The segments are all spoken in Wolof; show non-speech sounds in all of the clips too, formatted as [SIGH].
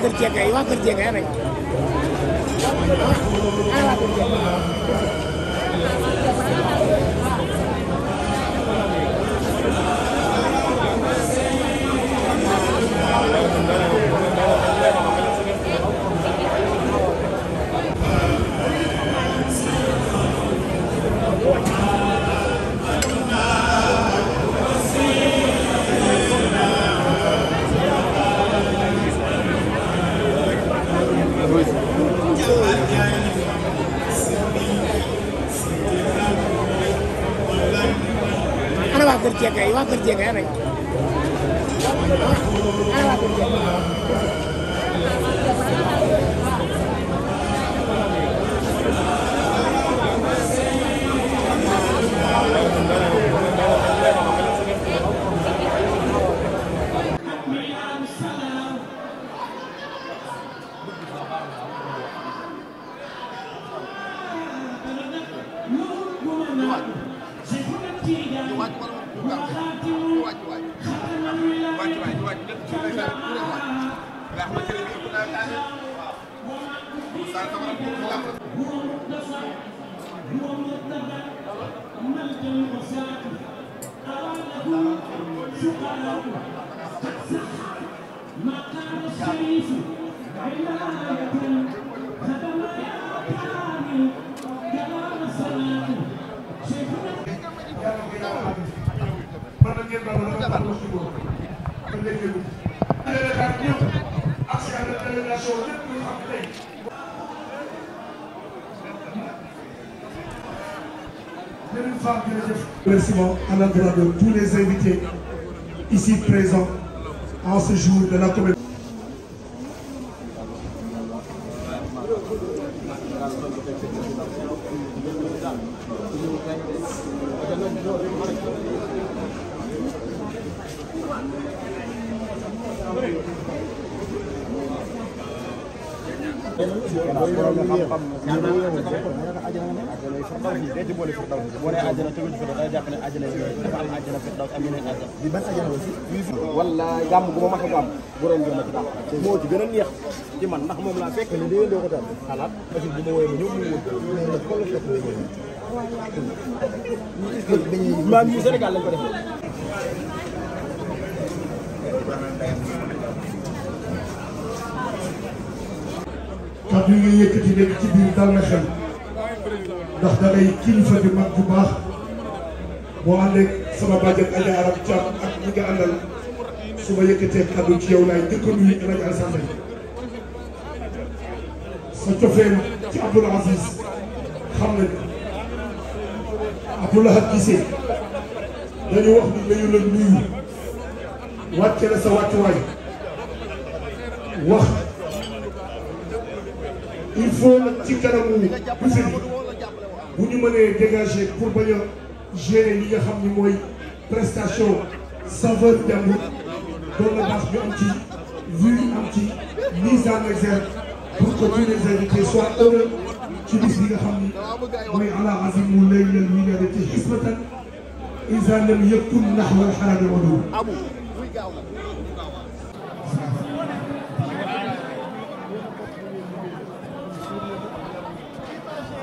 kër Dieng kay waa kër Dieng kay kër Diegay waa kër Diegay anañ ah waa kër Diegay waaw. Продолжение следует... dañ leen yëngu. ñu leen xaar ñëpp ak si ànd délégation lépp lu xam tey. beneen femme jërëjëf. remerciement à l'endroit de tous les invités ici présents en ce jour de la communauté. wala gàmm gu ma mas a gàmm bu a ci daal a moom laa fekk ne déwén doo ko daal xalaat parce que bu ma woowee ba ñëw mu wóor maam yi Sénégal lañ ko kàddu yi nga yëkkati léegi ci biir na xel ndax da kilifa di mag bu baax boo àndee sama bàjjen Adja Arab Thiam ak ñi nga àndal su ma yëkkatee ci yow laay njëkk a nuyu El Hadj sa cofeem ci Abdoul Aziz xam nga Abdoul Ahad Cissé dañu wax ni dañu la nuyu wàcce la sa wàccuwaay wax. il faut nag ci kanamu buse bi bu ñu mënee dégager pour bañ a gérer li nga xam ni mooy prestation saveur jàmbur doon na baax am ci vue am ci mise en exergue pour que tous les invités soient heureux ci bis bi nga xam ni mooy ala azimu laylal wiladati xisbatan isa lam yakun naxwa alxaraami wadu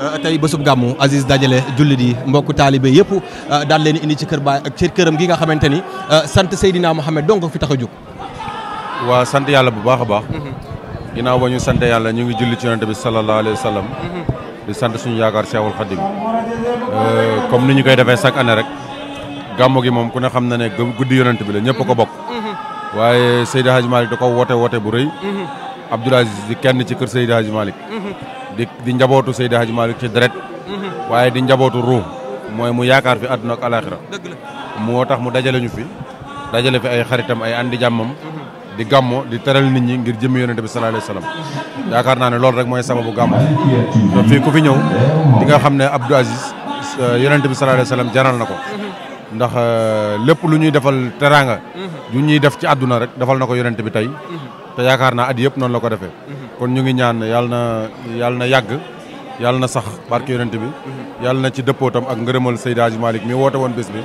Euh, tey bésub gàmmu Aziz dajale jullit yi mbokku taalibe yëpp euh, daal leen indi ci kër baay ak ci këram gi nga xamante ni euh, sant Seydina Mohamed donc fi tax a jóg. waaw sant yàlla bu baax a baax. Mhm. ginnaaw ba ñu sant yàlla ñu ngi julli ci yonent bi sallallahu alayhi wa sallam. Mhm. di sant suñu yaakaar Seexul Xadim comme ni ñu koy defee chaque année rek. gàmmu gi moom ku ne xam na ne guddi yonent bi la ñëpp ko bokk. Mhm. waaye Seydi Hadj Malick da ko woote woote bu rëy. Abdoul Aziz di kenn ci kër Seydi Hadji Malick di di njabootu Seydi Hadji Malick ci deret waaye di njabootu ruux mooy mu yaakaar fi àdduna ak alaxira moo tax mu dajale ñu fi dajale fi ay xaritam ay andi jàmmam di gàmmo di teral nit ñi ngir jëmmi yonente bi sallallahu alayhi yaakaar naa ne loolu rek mooy sababu gàmmo te fii ku fi ñëw di nga xam ne Abdou Aziz euh, bi sallallahu alayhi wasallam jaral na ko ndax euh, lépp lu ñuy defal teraanga ju ñuy def ci àdduna rek defal na ko yonente bi tey te yaakaar naa at yëpp noonu la ko defee. kon ñu ngi ñaan yàlla na yàlla na yàgg yàlla na sax barke yonent bi. yàlla na ci dëppoo tam ak ngërëmal Seydi Hadji Malick mi woote woon bés bi.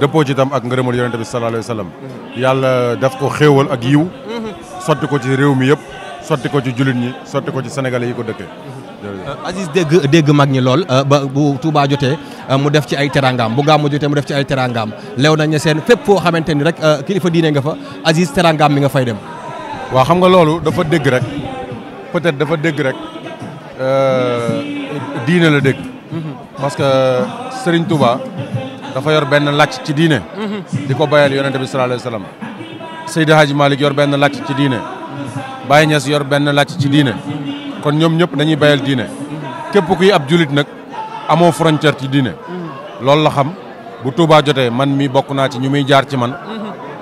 dëppoo ci tam ak ngërëmal yonent bi sallallahu alayhi wa sallam. yàlla def ko xéewal ak yiw. sotti ko ci réew mi yëpp. sotti ko ci jullit ñi sotti ko ci sénégalais yi ko dëkkee. Aziz dégg dégg mag ñi lool ba bu Touba jotee mu def ci ay terangaam bu gàmmu jotee mu def ci ay terangaam lew nañ ne seen fépp foo xamante ni rek kilifa diine nga fa Aziz terangaam mi nga fay dem. waa xam nga loolu dafa dégg rek peut-être dafa dégg rek euh, diine la dégg. parce que Serigne Touba dafa yor benn làcc ci diine. di ko bayal yonent bi sallallahu alayhi wa sallam. Seydi Hadji yor benn làcc ci diine. Baye Niass yor benn làcc ci diine. kon ñoom ñëpp dañuy bayal diine. képp kuy ab julit nag amoo frontière ci diine. loolu la xam bu Touba jotee man mi bokk naa ci ñu muy jaar ci man.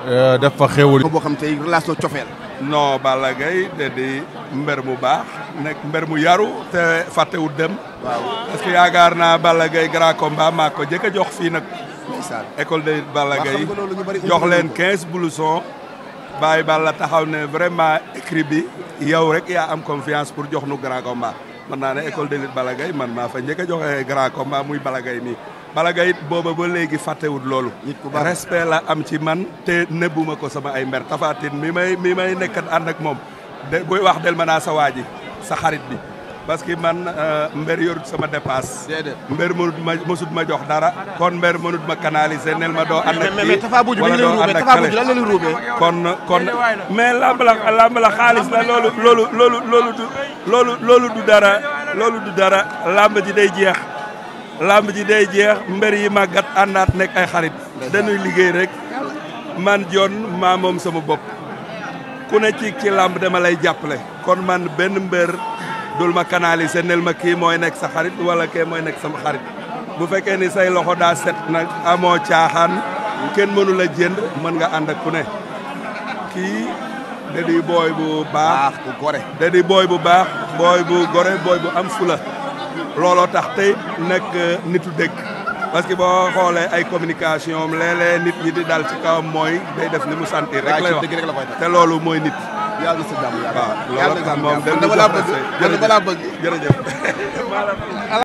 Euh, def fa xéewal boo xam tey relation cofeel non Balla Gaye da di mbër mu baax nekk mbër mu yaru te fàttewut dem. waaw parce que yaakaar naa Balla Gaye grand combat maa ko jëkk a jox fii nag. école de Balla Gaye jox leen 15 blouson. Baye Balla taxaw ne vraiment écrit bi yow rek yaa am confiance pour jox nu grand combat man naa ne école de lutte Balla Gaye man maa fa njëkk a joxe grand combat muy Balla Gaye bala nga it booba ba léegi fàttewut loolu respect la am ci man te nëbbuma ko sama ay mber tafaatin mi may mi may nekkat ànd ak moom de buy wax del ma naa sa waa ji sa xarit bi parce que man euh, mber yorut sama dépasse mber mënut ma mësut ma jox dara kon mber mënut ma canaliser nel ma doo ànd ak kii wala doo ànd ak kale kon kon mais lamb la lamb la xaalis la loolu loolu loolu loolu loolu loolu du dara loolu du dara lamb ji day jeex làmb ji day jeex mber yi màggat àndaat nekk ay xarit dañuy liggéey rek man jon maa moom sama bopp ku ne ci ci làmb dama lay jàppale kon man benn mber dul ma canaliser nel ma kii mooy nekk sa xarit wala kee mooy nekk sama xarit bu fekkee ni say loxo daa set nag amoo caaxaan kenn mënu la jënd mën nga ànd ak ku ne kii da booy bu baax bu gore da booy bu baax booy bu gore booy bu am fula looloo tax tey nekk euh, nitu dëkk parce que boo xoolee ay communication am léeg nit ñi di dal ci kawam mooy day def li mu santi rek lay wax te loolu mooy nit. yàlla na si jàmm waaw loolu moom dañu jox ko jërëjëf jërëjëf [LAUGHS]